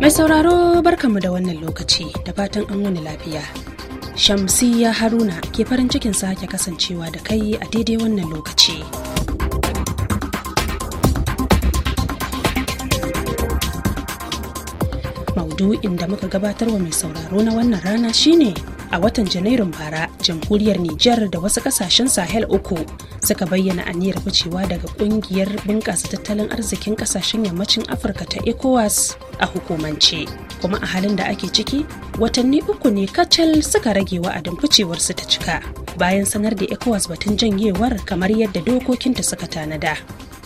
Mai sauraro barkanmu da wannan lokaci da fatan an wani lafiya. Shamsiyya Haruna ke farin cikin sake kasancewa da kai a daidai wannan lokaci. Maudu'in da muka gabatar wa mai sauraro na wannan rana shine a watan janairun bara jamhuriyar Nijar da wasu kasashen Sahel uku suka bayyana aniyar ficewa daga kungiyar bunƙasa tattalin arzikin kasashen yammacin Afirka ta ECOWAS a hukumance. Kuma a halin da ake ciki, watanni uku ne kacal suka rage wa'adin ficewar su ta cika bayan sanar da ECOWAS batun janyewar kamar yadda dokokinta suka tanada.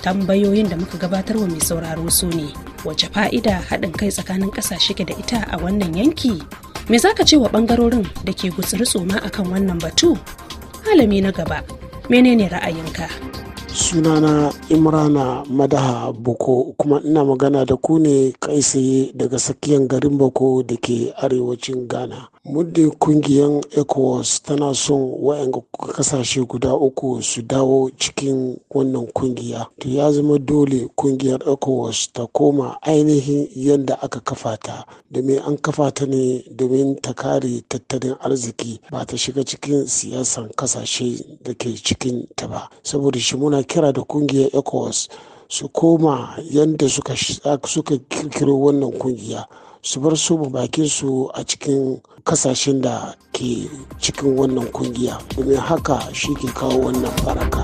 tambayoyin da muka gabatar wa mai sauraro su ne wace fa'ida haɗin kai tsakanin ƙasashe da ita a wannan yanki me zaka ce wa bangarorin da ke gutsuri tsoma akan wannan batu malami na gaba menene ra'ayinka sunana imrana madaha boko kuma ina magana da ku ne kai saye daga tsakiyar garin boko da ke arewacin ghana muddin kungiyar ecowas tana son wa'yan kasashe guda uku su dawo cikin wannan kungiya to ya zama dole kungiyar ecowas ta koma ainihin yadda aka kafa ta domin an kafa ta ne domin ta kare tattalin arziki ba ta shiga cikin siyasan kasashe da ke cikin ta ba saboda shi muna kira da kungiyar ecowas su koma yadda suka kirkiro wannan kungiya su bar su bakin su a cikin kasashen da ke cikin wannan kungiya domin haka shi ke kawo wannan faraka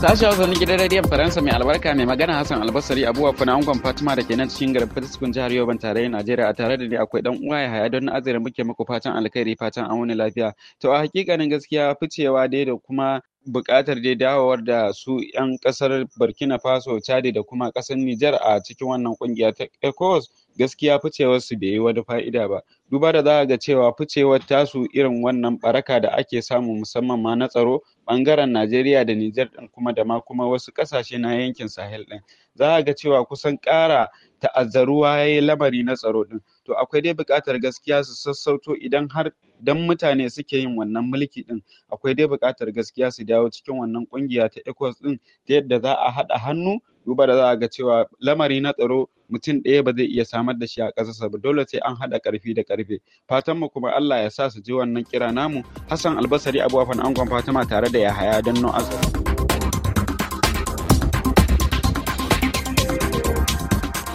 Sashen Hausa gidan radiyon Faransa mai albarka mai magana Hassan Albasari abuwa fana angon Fatima da ke nan cikin garin Fatiskun jihar Yoban tarayyar Najeriya a tare da ni akwai dan uwa ya haya don azirin muke muku fatan alkhairi fatan an wani lafiya. To a hakikanin gaskiya ficewa dai da kuma buƙatar dai dawowar da su 'yan ƙasar burkina faso chadi da kuma ƙasar nijar a cikin wannan ƙungiya ta ecowas gaskiya ficewar su bai yi wani fa'ida ba duba da za a ga cewa ficewar tasu irin wannan baraka da ake samu musamman ma na tsaro bangaren najeriya da nijar din kuma da ma kuma wasu ƙasashe na yankin sahel ɗin, za a ga cewa kusan ƙara ta'azzaruwa ya lamari na tsaro din to akwai dai buƙatar gaskiya su sassauto idan har dan mutane suke yin wannan mulki ɗin. akwai dai buƙatar gaskiya su dawo cikin wannan ƙungiya ta ECOWAS ɗin ta yadda za a haɗa hannu duba da za a ga cewa lamari na tsaro mutum ɗaya ba zai iya samar da shi a ƙasarsa ba dole sai an haɗa ƙarfi da ƙarfe fatan mu kuma Allah ya sa su ji wannan kira namu Hassan Albasari abubakar Angon Fatima tare da Yahaya Danno Azumi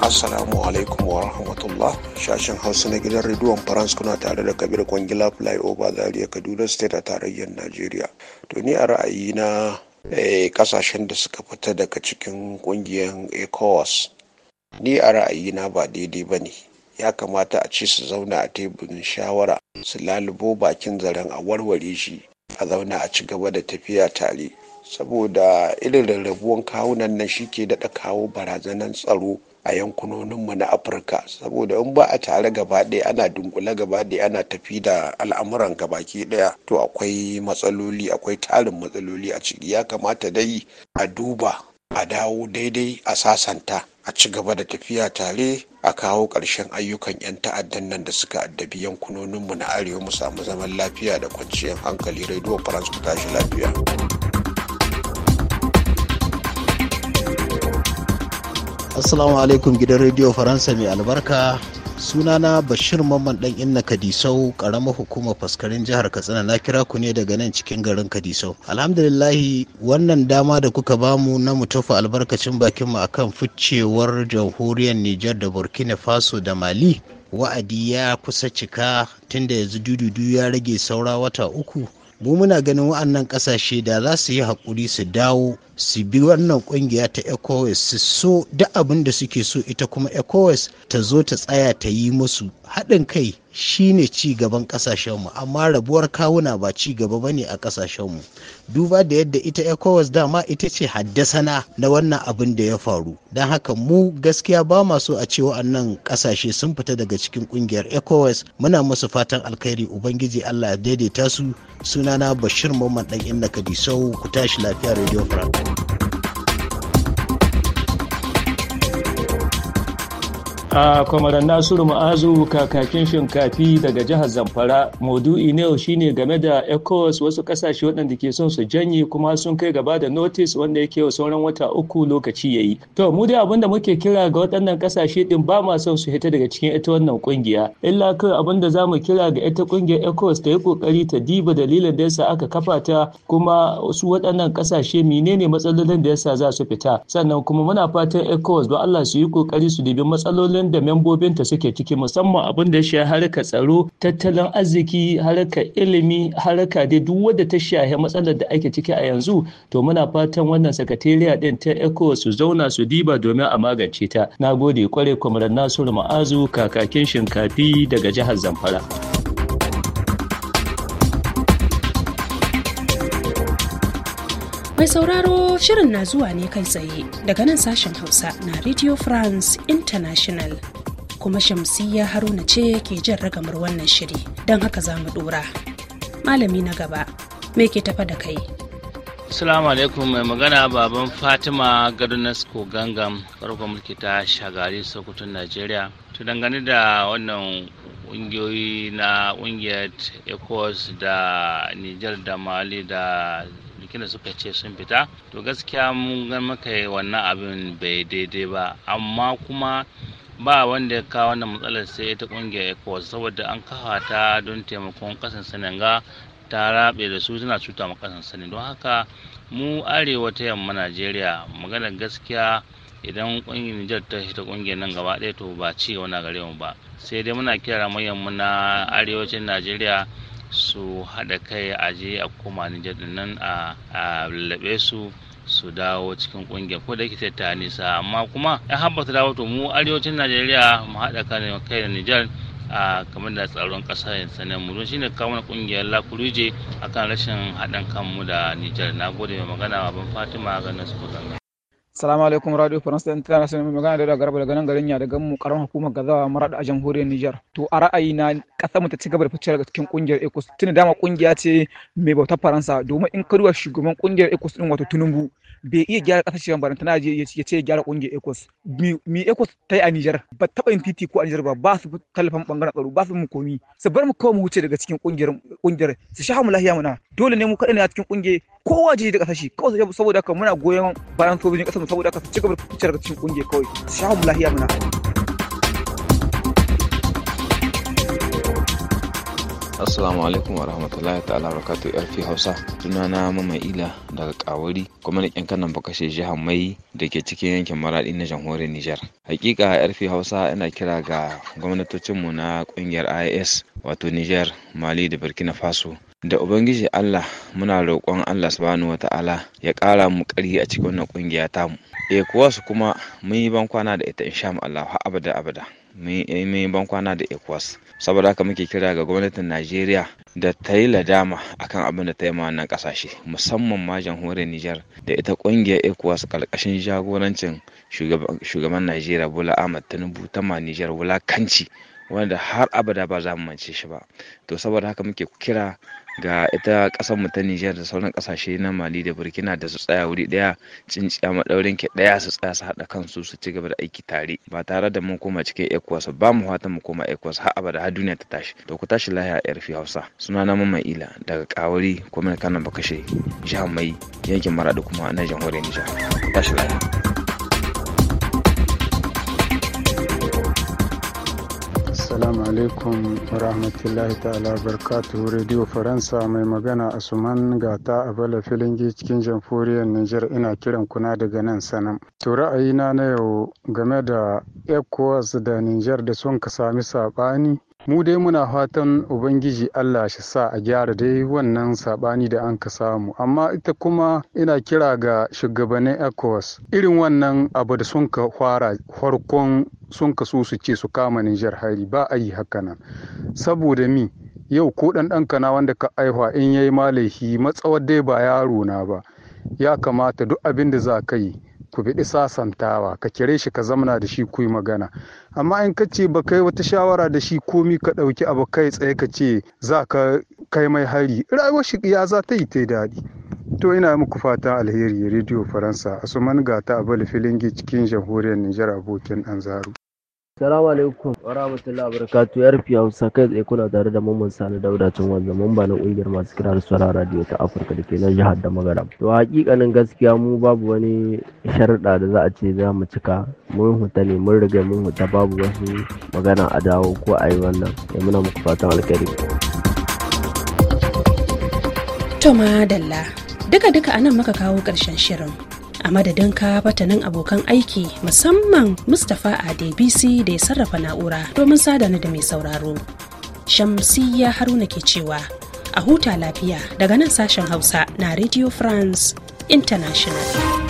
Assalamu alaikum wa rahmatullah. Shashin Hausa na gidan rediyon France kuna tare da Kabir Kwangila Flyover Zaria Kaduna State a tarayyar Najeriya. To ni a ra'ayi na eh, kasashen da suka fita daga cikin kungiyar ECOWAS. Ni a ra'ayi na ba daidai ba ne. Ya kamata a ce su zauna a teburin shawara su lalubo bakin zaren a warware shi a zauna a ci gaba da tafiya tare. Saboda irin rarrabuwan kawunan nan shi ke daɗa kawo barazanar tsaro a yankunoninmu na afirka saboda in ba a tare gaba ɗaya ana dunkule gaba ɗaya ana tafi da al'amuran gabaki ɗaya to akwai matsaloli akwai tarin matsaloli a ciki ya kamata dai a duba a dawo daidai a sasanta a ci gaba da tafiya tare a kawo ƙarshen ayyukan 'yan ta'addan nan da suka addabi yankunoninmu na arewa mu samu zaman lafiya da kwanciyar hankali rediyo faransa tashi lafiya. Assalamu alaikum gidan Radio Faransa mai albarka. Sunana Bashir Mamman dan Inna Kadisau, karamar hukumar faskarin jihar Katsina na kira ku ne daga nan cikin garin Kadisau. Alhamdulillahi wannan dama da kuka bamu na mu tafa albarkacin bakin mu akan ficewar jamhuriyar niger da Burkina Faso da Mali. Wa'adi ya kusa cika tunda yanzu dududu ya rage saura wata uku. mu muna ganin wa'annan kasashe da za su yi haƙuri su dawo su bi wannan kungiya ta ecowas su so duk abin da suke so ita kuma ecowas ta zo ta tsaya ta yi musu haɗin kai shine ci gaban ƙasashenmu amma rabuwar kawuna ba ci gaba ba ne a ƙasashenmu duba da yadda ita ecowas dama ita ce haddasana na wannan abin da ya faru don haka mu gaskiya ba ma so a ce nan ƙasashe sun fita daga cikin ƙungiyar ecowas muna musu fatan alkhairi ubangiji allah ya daidaita su sunana bashir mamman ɗan inna kadisau ku tashi lafiya radio france a kwamaran nasiru ma'azu kakakin shinkafi daga jihar zamfara maudu'i na yau shine game da ecos wasu kasashe waɗanda ke son su janye kuma sun kai gaba da notice wanda yake yau sauran wata uku lokaci ya yi to mu dai abinda muke kira ga waɗannan kasashe ɗin ba ma son su hita daga cikin ita wannan kungiya illa kai abinda za mu kira ga ita kungiyar ecos ta yi kokari ta diba dalilin da yasa aka kafa ta kuma su waɗannan kasashe menene matsalolin da yasa za su fita sannan kuma muna fatan ecos ba allah su yi kokari su dibi matsalolin halin da membobinta suke ciki musamman abin da ya shafi harkar tsaro tattalin arziki harkar ilimi harka dai duk wadda ta shahe matsalar da ake ciki a yanzu to muna fatan wannan sakatariya din ta eco su zauna su diba domin a magance ta na gode kwarai kwamarar nasiru ma'azu kakakin shinkafi daga jihar zamfara. Mai sauraro shirin na zuwa ne kai tsaye daga nan sashen Hausa na Radio France International. Kuma Shamsiyya Haruna ce ke jan ragamar wannan shiri don haka za mu dora. Malami na gaba, me ke tafa da kai? Assalamu alaikum mai magana baban Fatima Gadunasko Gangam, farko mulki ta shagari sokoton nigeria To dangane da wannan ƙungiyoyi na ƙungiyar ecos da niger da Mali da da suka ce sun fita to gaskiya mun ga maka wannan abin bai daidai ba amma kuma ba wanda ya kawo wannan matsalar sai ita kungiyar ecowas saboda an kafa ta don taimakon kasan senegal ta rabe da su suna cuta ma kasan sani don haka mu arewa ta yamma najeriya maganar gaskiya idan kungiyar Nijar ta ta kungiyar nan gaba ɗaya to ba ci wani gare mu ba sai dai muna kira manyan mu na arewacin Najeriya su haɗa kai a je a koma Nijar din nan a lallaɓe su su dawo cikin ƙungiyar ko da yake ta nisa amma kuma ya habbata dawo to mu arewacin Najeriya mu haɗa kai da Nijar a kamar da tsaron ƙasa yanzu. mu don shine kawo na ƙungiyar Lakurije akan rashin haɗin kanmu da Nijar na gode mai magana baban Fatima ganin su Salamu alaikum Radio France International mai magana da Garba daga nan garin ya daga mu karamar hukumar gazawa da a jamhuriyar Niger. To a ra'ayi na kasar mu ta ci gaba da fice daga cikin kungiyar ECOWAS tunda dama kungiya ce mai bautar Faransa domin in ka duba shugaban kungiyar ECOWAS din wato Tinubu bai iya hmm. gyara kasar shi na tana ya ce ya gyara kungiyar ecos mi ecos ta yi a nijar ba taɓa yin titi ko a nijar ba ba su tallafin ɓangaren tsaro ba su mu komi su bar mu kawai mu huce daga cikin kungiyar su sha mu lahiya muna dole ne mu kaɗai ne a cikin ƙungiyar kowa je da kasar shi kawai saboda haka muna goyon bayan sojojin kasar mu saboda haka su ci gaba da fice daga cikin kungiyar kawai su sha mu lahiya muna. Assalamu alaikum wa rahmatullahi ta'ala wa barakatu yarfi Hausa. Sunana Mama Ila daga Kawari, kuma da kyan kanan bakashe jihar Mai da ke cikin yankin Maradi na jamhuriyar Nijar. Hakika yarfi Hausa ina kira ga gwamnatocinmu na kungiyar IS wato Nijar, Mali da Burkina Faso. Da Ubangiji Allah muna roƙon Allah subhanahu wa ta'ala ya ƙara mu ƙari a cikin wannan kungiya tamu. E kuwa su kuma mun yi ban da ita insha Allah abada abada. mun ban eh, bankwana da ecowas saboda haka muke kira ga gwamnatin najeriya da ta yi ladama akan abin da ta yi wannan kasashe musamman ma jamhuriyar niger da ita kungiyar ecowas karkashin jagorancin shugaban najeriya bola ahmad tinubu ta ma niger wulakanci wanda har abada ba za mu mance shi ba to saboda haka muke kira ga ita kasar mu ta Nijar da sauran kasashe na Mali da Burkina da su tsaya wuri daya cinciya maɗaurin ke ɗaya su tsaya su haɗa kansu su ci gaba da aiki tare ba tare da mun koma cikin ECOWAS ba mu fatan mu koma ECOWAS har abada har duniya ta tashi to ku tashi lahiya a rufi Hausa suna na Mamman Ila daga Kawari kuma kana Bakashe jihar Mai yankin maradu kuma na jamhuriyar Nijar tashi lahiya Assalamu alaikum rahmatullahi ta'ala barkatu Radio Faransa mai magana Asuman Gata a Bala filin cikin jamhuriyar Niger ina kiran kuna daga nan sanan. To ra'ayina na yau game da ECOWAS da niger da sun ka sami saɓani mu dai muna fatan ubangiji allah shi sa a gyara dai wannan sabani da an ka samu amma ita kuma ina kira ga shugabannin ecowas irin wannan abu da sun ka fara farkon sun ka so su ce su kama nijar hari ba a yi haka hakanan saboda mi yau ko dan dan na wanda ka aihwa in yayi malahi matsawar dai ba yaro na ba ya kamata duk abin da za ka yi ku biɗi mm. sasantawa ka kire shi ka zamana da shi kuyi magana amma in ka ce ba kai wata shawara da shi komi ka ɗauki abu kai tsaye ka ce za ka kai mai hari rayuwar shi ya za ta yi ta daɗi to ina muku fatan alheri rediyo faransa asuman gata a bala filingi cikin jamhuriyar nijar abokin anzaru Salamu alaikum wa rahmatullahi wa barakatu ya rufi Hausa kai tsaye kuna tare da Mamman Sani Dauda cin wanda ba na kungiyar masu kira da radiyo radio ta Afirka da ke nan jihar da Magaram. To hakikanin gaskiya mu babu wani sharaɗa da za a ce za mu cika mun huta ne mun riga mun huta babu wasu magana a dawo ko a yi wannan ya muna muku fatan alkhairi. Toma Dalla duka-duka anan muka kawo ƙarshen shirin. a madadin ka fatanin abokan aiki musamman mustapha a dbc da ya sarrafa na'ura domin sadana da mai sauraro shamsiyya haruna ke cewa a huta lafiya daga nan sashen hausa na radio france international